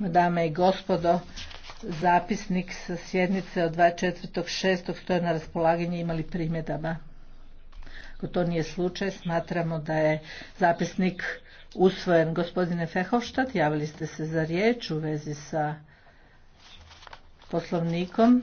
Dame i gospodo, zapisnik sa sjednice od 24.6. stoje na raspolaganje imali primjedaba. Ako to nije slučaj, smatramo da je zapisnik usvojen. Gospodine Fehovštad, javili ste se za riječ u vezi sa poslovnikom.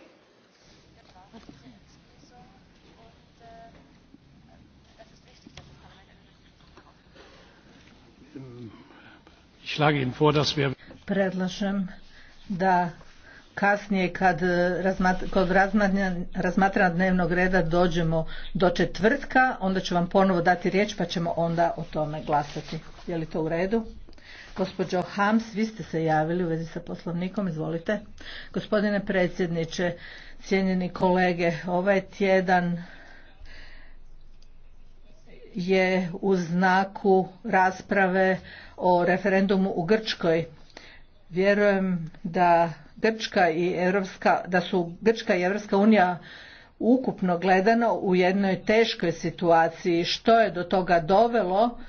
Predlažem da kasnije kad kod razmatranja dnevnog reda dođemo do četvrtka, onda ću vam ponovo dati riječ pa ćemo onda o tome glasati. Je li to u redu? Gospođo Hams, vi ste se javili u vezi sa poslovnikom, izvolite. Gospodine predsjedniče, cijenjeni kolege, ovaj tjedan je u znaku rasprave o referendumu u Grčkoj. Vjerujem da Grčka i Europska, da su Grčka i Europska unija ukupno gledano u jednoj teškoj situaciji. Što je do toga dovelo?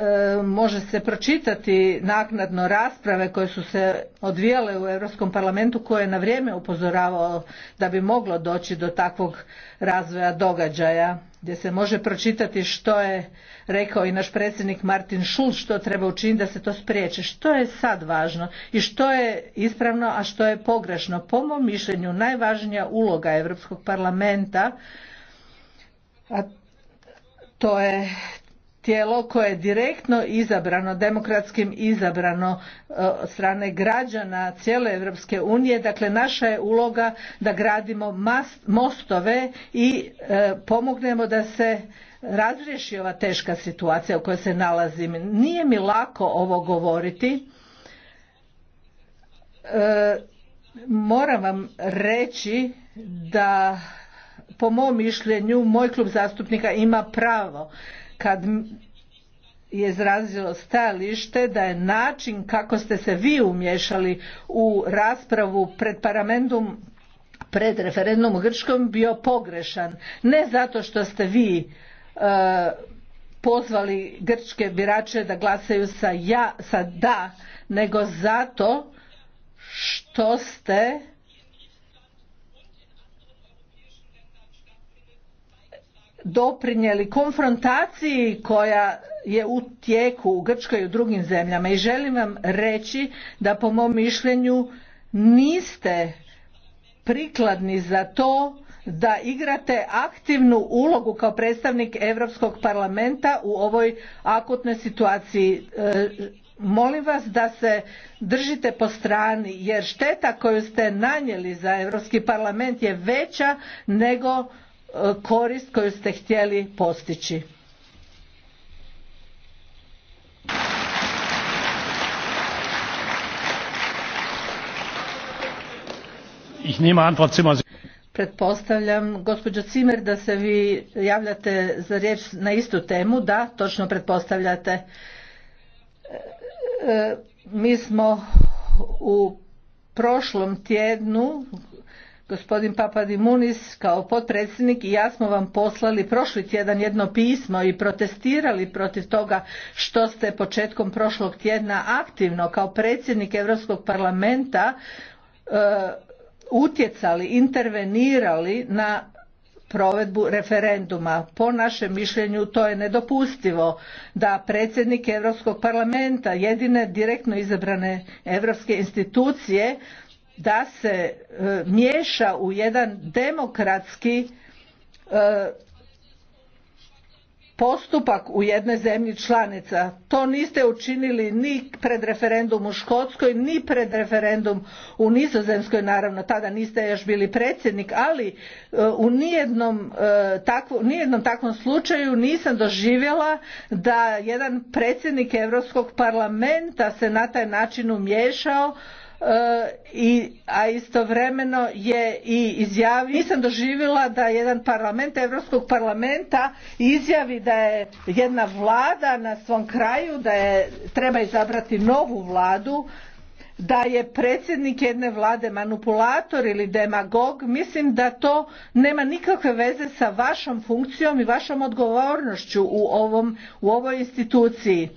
E, može se pročitati naknadno rasprave koje su se odvijale u Europskom parlamentu koje je na vrijeme upozoravao da bi moglo doći do takvog razvoja događaja gdje se može pročitati što je rekao i naš predsjednik Martin Schulz što treba učiniti da se to spriječi. Što je sad važno i što je ispravno, a što je pogrešno? Po mom mišljenju najvažnija uloga Europskog parlamenta, a to je tijelo koje je direktno izabrano, demokratskim izabrano e, od strane građana cijele Europske unije. Dakle, naša je uloga da gradimo mostove i e, pomognemo da se razriješi ova teška situacija u kojoj se nalazim. Nije mi lako ovo govoriti. E, moram vam reći da po mom mišljenju moj klub zastupnika ima pravo kad je izrazilo stajalište da je način kako ste se vi umješali u raspravu pred parlamentom pred referendum u Grčkom bio pogrešan. Ne zato što ste vi e, pozvali grčke birače da glasaju sa ja, sa da, nego zato što ste doprinijeli konfrontaciji koja je u tijeku u Grčkoj i u drugim zemljama i želim vam reći da po mom mišljenju niste prikladni za to da igrate aktivnu ulogu kao predstavnik Europskog parlamenta u ovoj akutnoj situaciji. E, molim vas da se držite po strani jer šteta koju ste nanijeli za Europski parlament je veća nego korist koju ste htjeli postići. Pretpostavljam, gospođo Cimer, da se vi javljate za riječ na istu temu. Da, točno pretpostavljate. E, e, mi smo u prošlom tjednu gospodin Papadimunis kao potpredsjednik i ja smo vam poslali prošli tjedan jedno pismo i protestirali protiv toga što ste početkom prošlog tjedna aktivno kao predsjednik Europskog parlamenta e, utjecali, intervenirali na provedbu referenduma. Po našem mišljenju to je nedopustivo da predsjednik Europskog parlamenta, jedine direktno izabrane europske institucije da se e, miješa u jedan demokratski e, postupak u jednoj zemlji članica. To niste učinili ni pred referendum u Škotskoj, ni pred referendum u Nizozemskoj, naravno tada niste još bili predsjednik, ali e, u nijednom, takvo, nijednom takvom slučaju nisam doživjela da jedan predsjednik Europskog parlamenta se na taj način umiješao a istovremeno je i izjavio nisam doživjela da jedan parlament Europskog parlamenta izjavi da je jedna vlada na svom kraju da je treba izabrati novu vladu da je predsjednik jedne vlade manipulator ili demagog mislim da to nema nikakve veze sa vašom funkcijom i vašom odgovornošću u, ovom, u ovoj instituciji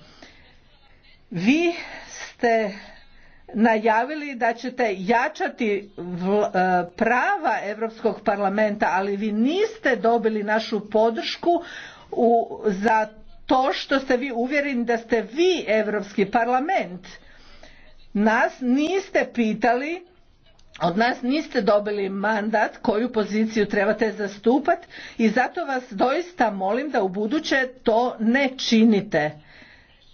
vi ste najavili da ćete jačati e, prava Europskog parlamenta, ali vi niste dobili našu podršku za to što ste vi uvjereni da ste vi Europski parlament. Nas niste pitali, od nas niste dobili mandat koju poziciju trebate zastupati i zato vas doista molim da ubuduće to ne činite.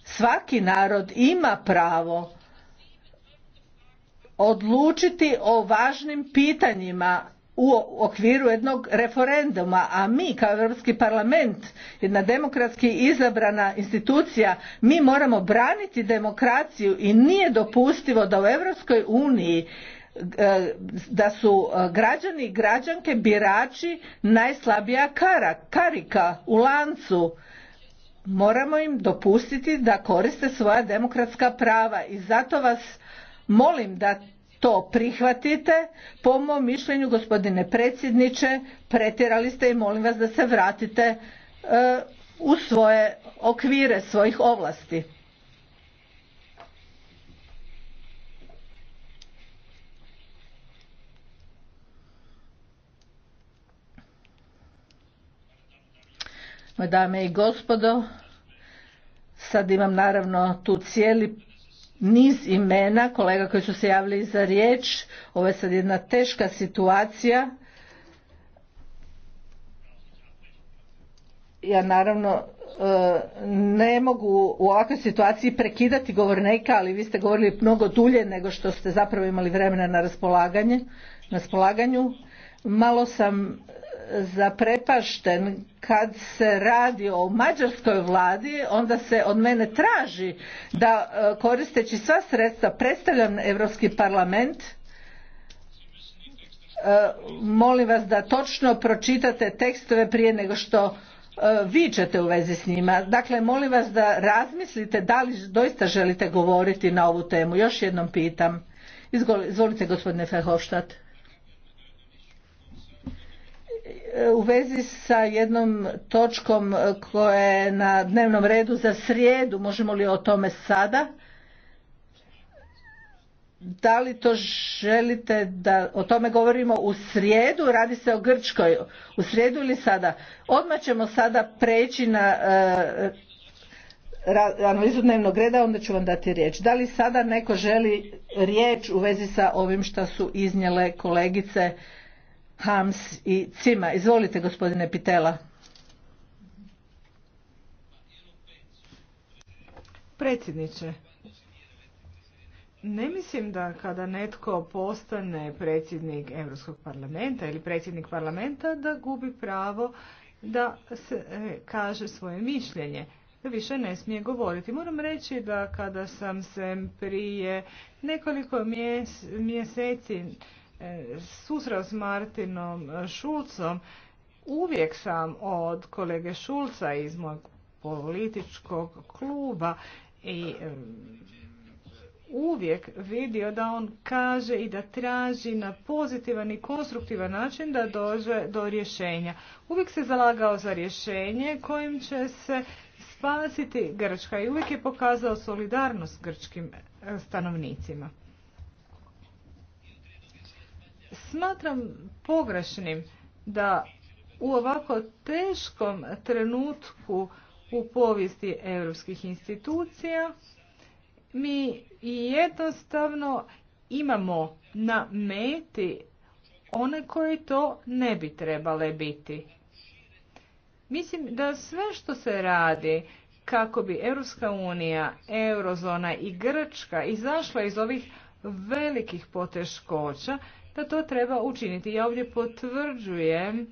Svaki narod ima pravo odlučiti o važnim pitanjima u okviru jednog referenduma a mi kao europski parlament jedna demokratski izabrana institucija mi moramo braniti demokraciju i nije dopustivo da u europskoj uniji e, da su e, građani i građanke birači najslabija kara, karika u lancu moramo im dopustiti da koriste svoja demokratska prava i zato vas Molim da to prihvatite. Po mom mišljenju, gospodine predsjedniče, pretjerali ste i molim vas da se vratite e, u svoje okvire svojih ovlasti. Dame i gospodo, sad imam naravno tu cijeli niz imena kolega koji su se javili za riječ. Ovo je sad jedna teška situacija. Ja naravno e, ne mogu u ovakvoj situaciji prekidati govornika, ali vi ste govorili mnogo dulje nego što ste zapravo imali vremena na raspolaganje, na raspolaganju. Malo sam zaprepašten kad se radi o mađarskoj vladi onda se od mene traži da e, koristeći sva sredstva predstavljam Europski parlament e, molim vas da točno pročitate tekstove prije nego što e, vi ćete u vezi s njima. Dakle, molim vas da razmislite da li doista želite govoriti na ovu temu. Još jednom pitam. Izvolite gospodine Fehovštat. u vezi sa jednom točkom e, koja je na dnevnom redu za srijedu, možemo li o tome sada? Da li to želite da o tome govorimo u srijedu, radi se o Grčkoj, u srijedu ili sada? Odmah ćemo sada preći na e, analizu dnevnog reda, onda ću vam dati riječ. Da li sada neko želi riječ u vezi sa ovim što su iznijele kolegice Hams i Izvolite gospodine Pitela. Predsjedniče, ne mislim da kada netko postane predsjednik Europskog parlamenta ili predsjednik parlamenta da gubi pravo da se, e, kaže svoje mišljenje da više ne smije govoriti. Moram reći da kada sam se prije nekoliko mjeseci susreo s Martinom Šulcom, uvijek sam od kolege Šulca iz mojeg političkog kluba i uvijek vidio da on kaže i da traži na pozitivan i konstruktivan način da dođe do rješenja. Uvijek se zalagao za rješenje kojim će se spasiti Grčka i uvijek je pokazao solidarnost grčkim stanovnicima. Smatram pogrešnim da u ovako teškom trenutku u povijesti europskih institucija mi jednostavno imamo na meti one koji to ne bi trebale biti. Mislim da sve što se radi kako bi Europska unija, Eurozona i Grčka izašla iz ovih velikih poteškoća da to treba učiniti. Ja ovdje potvrđujem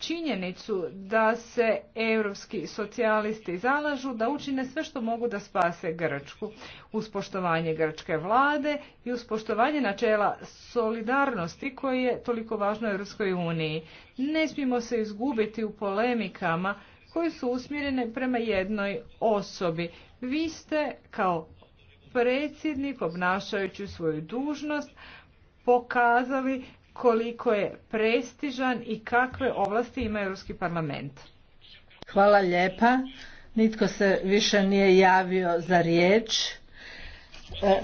činjenicu da se europski socijalisti zalažu da učine sve što mogu da spase Grčku uz poštovanje grčke vlade i uz poštovanje načela solidarnosti koje je toliko važno Europskoj uniji. Ne smijemo se izgubiti u polemikama koje su usmjerene prema jednoj osobi. Vi ste kao predsjednik obnašajući svoju dužnost, pokazali koliko je prestižan i kakve ovlasti ima Europski parlament. Hvala lijepa. Nitko se više nije javio za riječ. E,